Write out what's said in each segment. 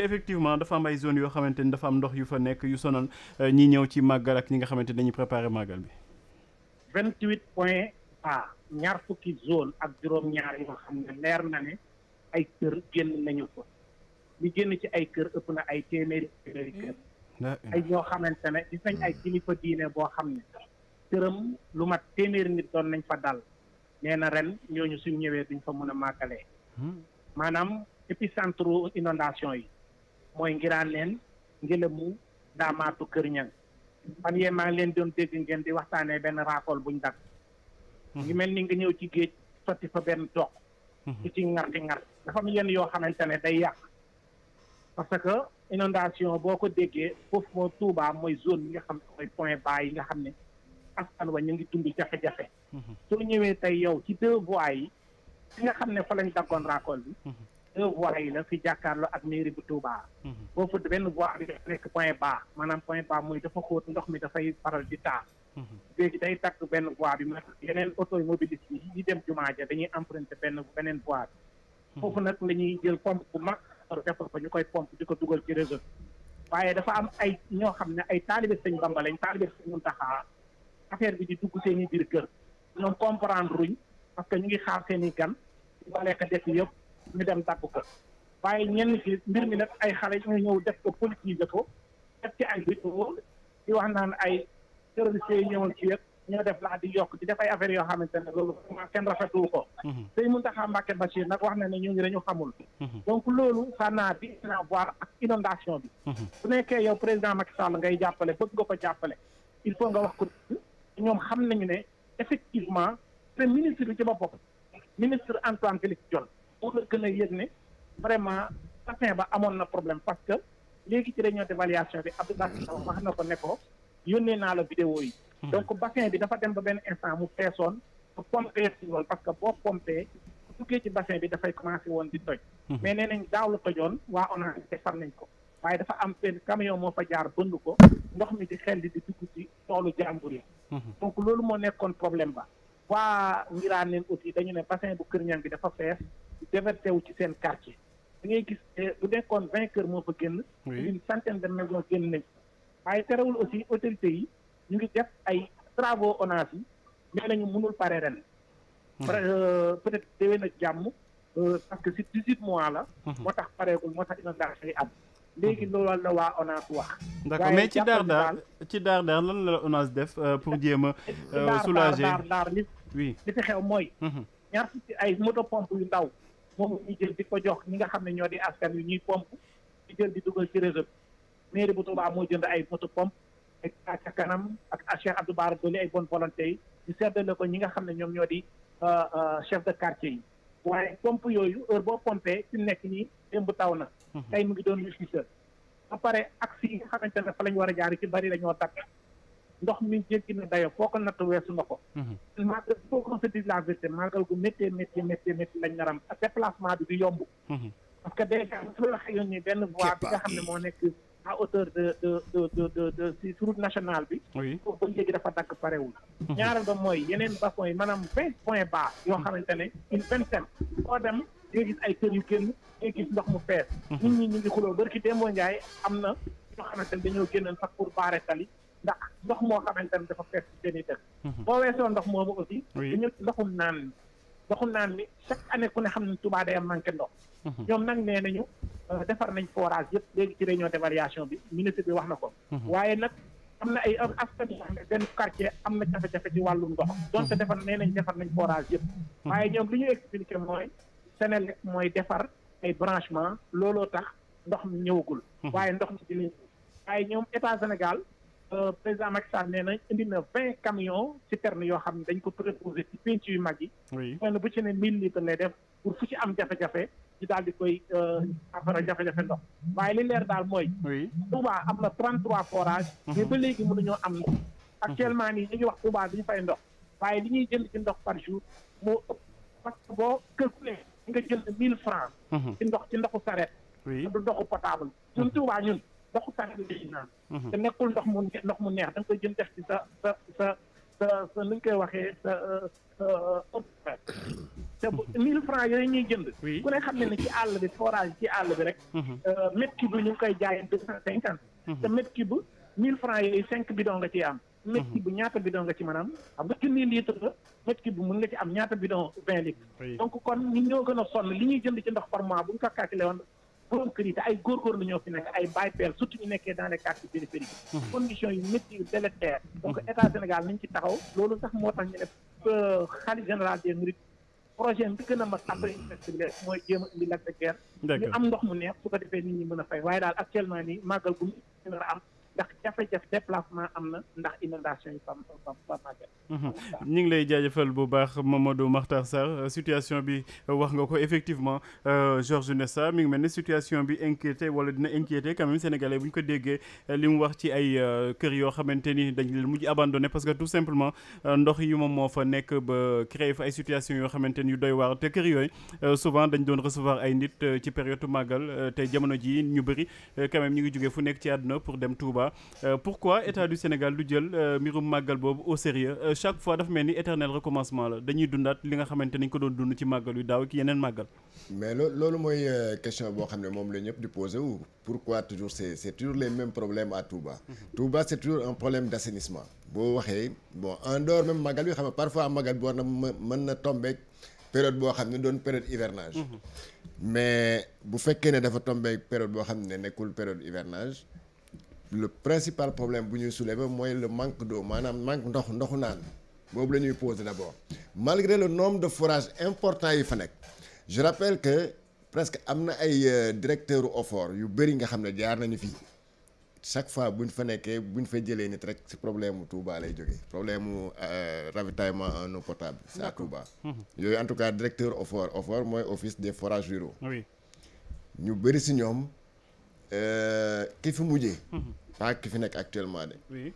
effectivement dafa am ay zone yoo xamante ni dafa am ndox yu fa nekk yu sonal euh, ñi ñëw ci màggal ak ñi nga xamante ni dañuy préparer màggal bi. 28 point A ñaar fukki zone ak juróom-ñaar yoo xam ne leer na ne ay kër génn nañu ko li génn ci ay kër ëpp na ay téeméeri téeméeri kër. ay ñoo xamante ne gis nañ ay kilifa diine boo xam ne këram lu mat téeméeri nit doon nañ fa dal nee na ren ñooñu suñ ñëwee duñ fa mën a màggalee. Hmm. maanaam épicentre inondation yi. mooy ngiraan leen ngelamu daamaatu kër ñang fan yee maa ngi leen doon dégg ngeen di waxtaanee benn raakool buñ dagg ngi mhm. mel ni nga ñëw ci géej sotti fa benn toq mhm. du ci ngarti ngart dafa am yenn yoo xamante ne day yàq parce que inondation boo ko déggee foofu moo Touba mooy zone yi nga xam ne mooy point bas yi nga xam ne askan wa ñu ngi dund jafe-jafe mhm. soo ñëwee tey yow ci deux voies yi fi nga xam ne fa lañ daggoon raakool bi deux voies yi la fi jàkkaarloo ak mairie bu Touba. Mhm. boo fa benn voie bi dafa nekk point bas maanaam point bas mooy dafa xóot ndox mi dafay faral di taa. Mhm. léegi day takk benn voie bi maanaam yeneen automobiliste yi yi dem jumaa ja dañuy emprunter benn beneen voie bi. Mhm. foofu nag la ñuy jël pompe bu mag defar ko ñu koy pompe di ko dugal ci réseau waaye dafa am ay ñoo xam ne ay taalibe sëñ Bamba lañ taalibe sëñ Muntaxa affaire bi di dugg seen i biir kër ñoom comprendre ruñ parce que ñu ngi xaar seen i gan ci baleeka def yëpp. ñu dem dagg ko waaye ñenn ci mi nag ay xale ñu ñëw def ko politiser ko def ci ay vidéo di wax naan ay terroristes yi ci yëpp ñoo def laa di yokk di def ay affaires yoo xamante ne loolu vraiment kenn rafetlu ko. tey mhm. Mountakha Mbacké Bachir nag wax na ne ñooñu dañu xamul. Mhm. donc loolu ça n'a rien à voir ak inondation bi. Mhm. su nekkee yow président Macky Sall ngay jàppale bëgg nga ko jàppale il faut nga wax ko ñoom xam nañu ne effectivement te ministre bi ci boppam ministre Antoine Félix Diome. pour la gën a yëg ne vraiment bassin ba amoon na problème parce que léegi ci réunion d'évaluation bi Abdou Bassi Sow wax ko ne ko yónnee naa la vidéo yi. Hmm. donc bassin bi dafa dem ba benn instant mu feesoon pour pomper si woon parce que boo pompee bu duggee ci bassin bi dafay commencé woon di toj. Hmm. mais nee nañ daaw la tojoon waa ONAS te xam nañ ko. waaye dafa am benn camion moo fa jaar bënd ko ndox mi di xel di dugg ci toolu jàmbur yi. Hmm. donc loolu moo nekkoon problème ba. waa Ngiraaneen aussi dañu ne bassin bu Kër Niang bi dafa fees. déversé wu ci seen quartier da gis eh, bu nekkoon vingt moo fa génn une centaine de maisons génn nañ waaye terewul aussi autorités yi ñu ngi def ay travaux ONAS yi nee nañu mënul pare ren hmm. euh, peut-être déwén jàmm euh, parce que si dix-huit mois la hmm. moo tax pareegul moo tax inondation yi am hmm. léegi loolu la waa ONAS wax. d'accord mais ci daar daar ci daar daar lan la ONAS def euh, pour jéem a soulager daar daar li fi xew mooy ñaar fukki ay moto pompe yu ndaw moom ñu jël di ko jox ñi nga xam ne ñoo di askan yu ñuy pomp di jël di dugal ci réseau bi mairie bu Touba moo jënd ay moto pompe ak ca kanam ak Cheikh Abdou Bara Dolly ay bonne volonté yi ñu seddale ko ñi nga xam ne ñoom ñoo di euh, euh, chef de quartier yi waaye pompe yooyu heure boo pompé fi nekk nii démb taw na mhm. tey mu ngi doon lu si ba pare axe yi nga xamante ne fa lañ war a jaar ci bari la ñoo dakk ndox mi jéggi na dayo foo ko natt weesu na ko màggal mhm. foo mhm. que déjà su benn voie nga xam ne moo nekk à hauteur de bi foofu ba léegi dafa dagg parewul mhm. ñaareel mooy yeneen basson yi maanaam vingt points bas yoo xamante ne une vingtaine koo ay kër yu génn ndox mu fees nit ñi ngi xuloo bërki démboo Njaay am na ñoo xamante ne dañoo génnoon sax pour baare tali ndax ndox moo xamante ne dafa fees seen i dëkk. Mhm. boo weesoo ndox moomu aussi. dañu ndoxum naan ndoxum naan ni chaque année ku ne xam ne Touba day am manqué ndox. Mhm. ñoom nag nañu euh, defar nañ forage yëpp léegi ci réunion d'évaluation bi ministre bi wax na ko. Mhm. waaye nag am na ay askan yoo xam am na jafe-jafe ci wàllum ndox. donte defar nee nañ defar nañ forage yëpp. waaye ñoom li ñu expliqué mooy Senelec mooy defar ay branchement looloo tax ndox mi ñëwagul. waaye ndox mi waaye ñoom état Sénégal. Euh, président Macky Sall nee na indi na vingt camions citernes yoo xam ne dañ ko préposé ci penc yu mag yi. oui benn bu ci ne mille litres lay def pour fu ci am jafe-jafe daal di koy euh, affaire jafe-jafe ndox waaye li leer daal mooy. oui Touba am na 33 forages. Mhm. mais ba léegi mënuñoo am ndox. Mhm. actuellement nii ñu ngi wax Touba duñu fay ndox waaye li ñuy jënd ci ndox par jour moo ëpp parce que boo calculé nga jënd mille francs. Mhm. ci ndox ci ndoxu saret. oui du ndoxu potable ñun Touba ñun. ndoxu tàng lay naan mhm. te nekkul ndox mu ndox mu neex da nga jën def ci sa sa sa sa koy waxee sa te bu mhm. mille ñuy jënd ku ne xam ne ne ci àll bi forage ci àll bi rek mhm. euh, mètre cube ñu ngi koy jaayee deux cent cinquante te mètre cube mille yooyu cinq bidon nga ciy am mètre cube ñaata bidon nga ci mën a am xam nga junni litre la mètre cube nga ci am ñaata bidon vingt litres donc kon ñi ñoo gën a sonn li ñuy jënd ci ndox par mois bu ñu ko calculé woon borom kër yi te ay góorgóor la ñoo fi nekk ay baay père surtout ñu nekkee dans les quartiers périphériques hmm. conditions yu métti yu délétère donc état Sénégal nañ ci taxaw loolu sax moo tax ñu ne euh, xaalis général des mourides projet bi gën a mag après université mooy jéem a indi lac de guerre am ndox mu neex su ko defee nit ñi mën a fay waaye daal actuellement nii màggal gu mu am ndax jafe am na ndax inondation mhm. ñu ngi lay jaajëfal bu baax Mamadou Makhtar Sarr situation bi euh, wax nga ko effectivement une euh, Nessa mi ngi mel ni situation bi inquiété wala dina inquiété quand même bu ñu ko déggee euh, li mu wax ci ay kër yoo xamante ni dañu leen mujj abandonné parce que tout simplement ndox yi moom moo fa nekk ba créé fa ay situation yoo xamante ni yu doy waar te kër yooyu souvent dañ doon recevoir ay nit ci période màggal te jamono ji ñu bëri quand même ñu ngi jógee fu nekk ci àdduna pour dem Touba fois euh, pourquoi état du Sénégal du jël euh, mbirum màggal boobu au sérieux euh, chaque fois dafa mel ni éternel recommencement la dañuy dundaat li nga xamante nañ ko doon dund ci màggal yu daaw ki yeneen màggal mais loo loolu mooy question boo xam ne moom la ñëpp di posé wu pourquoi toujours c'est c'est toujours les mêmes problèmes à Touba mhm. Touba c'est toujours un problème d'assainissement boo waxee bon en dehors même màggal bi xam ne parfois màggal bi war na mën na tombeek boo xam ne doon période hivernage mhm. mais bu fekkee ne dafa tombeek période boo xam ne nekkul période hivernage le principal problème bu ñuy soulever mooy le manque d'eau maanaam manque ndox ndoxu naan boobu la ñuy poser d'abord malgré le nombre de forage important yi fa nekk je rappelle que presque am na ay euh, directeur OFOR yu bëri nga xam ne jaar nañu fii chaque fois buñ fa nekkee buñ fa jëlee nit rek ci problème mu Touba lay jóge problème mu euh, ravitaillement en eau potable c'est à Touba mhm. yooyu en tout cas directeur OFOR OFOR mooy office des forage ruraux ñu bëri ci ñoom Euh, ki fi mujjee. Mhm. pas ki fi nekk actuellement de. oui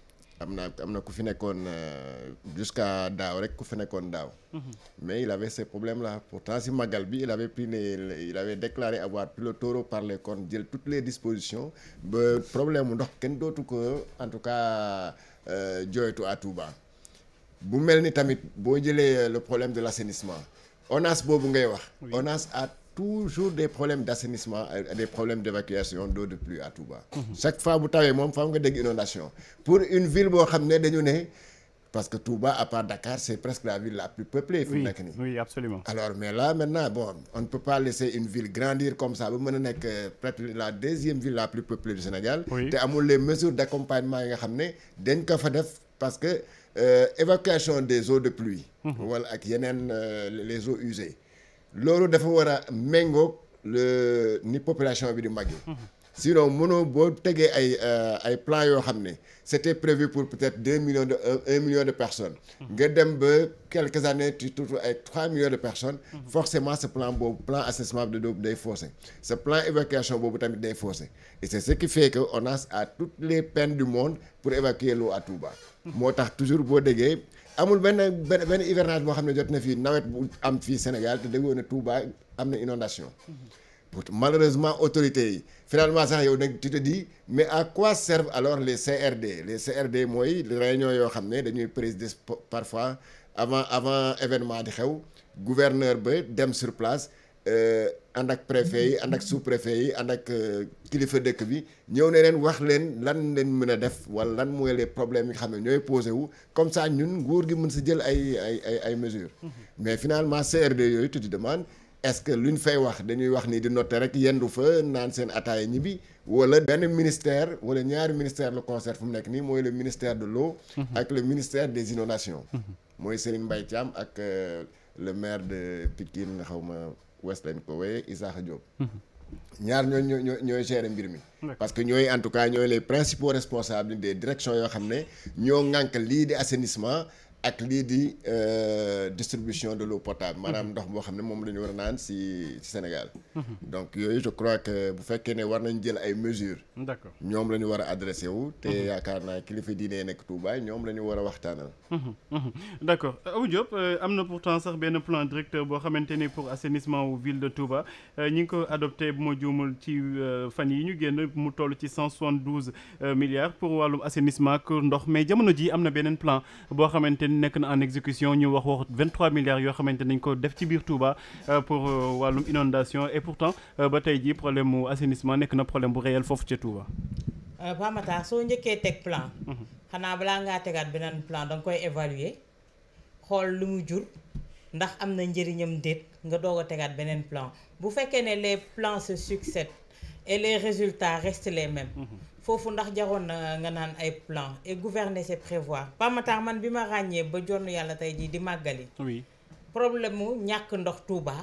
am na am na ku fi nekkoon euh, jusqu'à daaw rek ku fi nekkoon daaw. Mhm. mais il avait ces problèmes là pourtant si magal bi il avait pris les il avait avoir pris le taureau par les jël toutes les dispositions ba problème mu ndox kenn dootu ko en tout cas euh, jooytu à Touba. bu mel ni tamit boo jëlee le problème de l'assainissement ONAS boobu ngay wax. ONAS a toujours des problèmes d'assainissement des problèmes d'évacuation d'eau de pluie à Touba. chaque fois bu tawee moom faaw nga dégg inondation pour une ville boo xam ne dañu ne parce que Touba à part Dakar c'est presque la ville la plus peuplée. fi mu nii alors mais là maintenant bon on ne peut pas laisser une ville grandir comme ça ba mën a nekk euh, peut la deuxième ville la plus peuplée du Sénégal. te amul les mesures d'accompagnement nga xam euh, des eaux de loolu dafa war a méngóog le ni population bi di màggee. sinon mënoo boo tegee ay euh, ay plan yoo xam ne c'était prévu pour peut-être deux millions de euh, un million de personnes. nga dem ba quelques années tu te trouves ay trois millions de personnes. forcément ce plan boobu plan assessment bi day faussé ce plan évacuation boobu tamit day faussé et c'est ce qui fait que on a à toutes les peines du monde pour évacuer l'eau à Touba. moo tax toujours boo déggee. amul benn benn benn hivernage boo xam ne jot na fii nawet bu am fii Sénégal te déggoo ne Touba am na inondation malheureusement autorités yi finalement sax yow nag tu te mais à quoi servent alors les CRD les CRD mooy réunion yoo xam ne dañuy présider parfois avant avant événement di xew gouverneur ba dem sur place Euh, ànd ak préfet yi and ak sous préfet yi ànd ak euh, kilifa dëkk bi ñëw ne leen wax leen lan leen mën a def wala lan mooy les problème yi xam ne ñooy posé wu comme ça ñun nguur gi mën si jël ay ay ay ay mesures. Mhm. mais finalement CRD yooyu tu te demandes est-ce que luñ fay wax dañuy wax ni di noter rek yendu fa naan seen ataaya ñibbi wala benn ministère wala ñaari ministère le concert fu mu nekk nii mooy le ministère de l'eau mhm. ak le ministère des inondations. Mhm. mooy Serigne Mbaye Thiam ak euh, le maire de Pikine nga xaw ma. West lañ ko wooyee Isaaxa Diop. Mhm. ñaar ñooy ñooy ñooy mbir mi. parce que ñooy en tout cas ñooy les principaux responsables des directions yoo xam ne ñoo ŋànk lii di assainissement. ak lii di euh, distribution de l'eau potable maanaam ndox boo xam ne moom la ñu war a naan si si Sénégal mhm. donc yooyu je crois que bu fekkee ne war nañ jël ay mesures d'accord ñoom la ñu war a adressé wu te mhm. yaakaar naa kilifa diine nekk Touba ñoom la war a waxtaanal mhm. d'accord euh, Abou Diop euh, am na pourtant sax benn plan directeur boo xamante ni pour assainissement wu ville de Touba ñi ngi ko adopté bu ma juumul ci fan yi ñu génn mu toll ci cent soixante-douze milliards pour wàllum assainissement ak ndox mais jamono ji am na beneen nekk na en exécution ñu wax wax 23 milliards yoo xamante nañ ko def ci biir Touba euh, pour euh, wàllum inondation et pourtant euh, ba tey jii problème mu nekk na problème bu réel foofu ca Touba. Pape Makhtar soo njëkkee teg plan. Mhm. xanaa balaa ngaa tegaat beneen plan danga koy évaluer xool lu mu jur ndax am na njëriñam déet nga doog a tegaat beneen plan bu fekkee ne les plans se succèdent et les résultats restent les mêmes. Mhm. foofu ndax jaroon na nga naan ay plan et gouverner c'est prévoir Pamatar man bi ma ràññee ba jonn yàlla tey jii di màggali. oui mu ñàkk ndox Touba.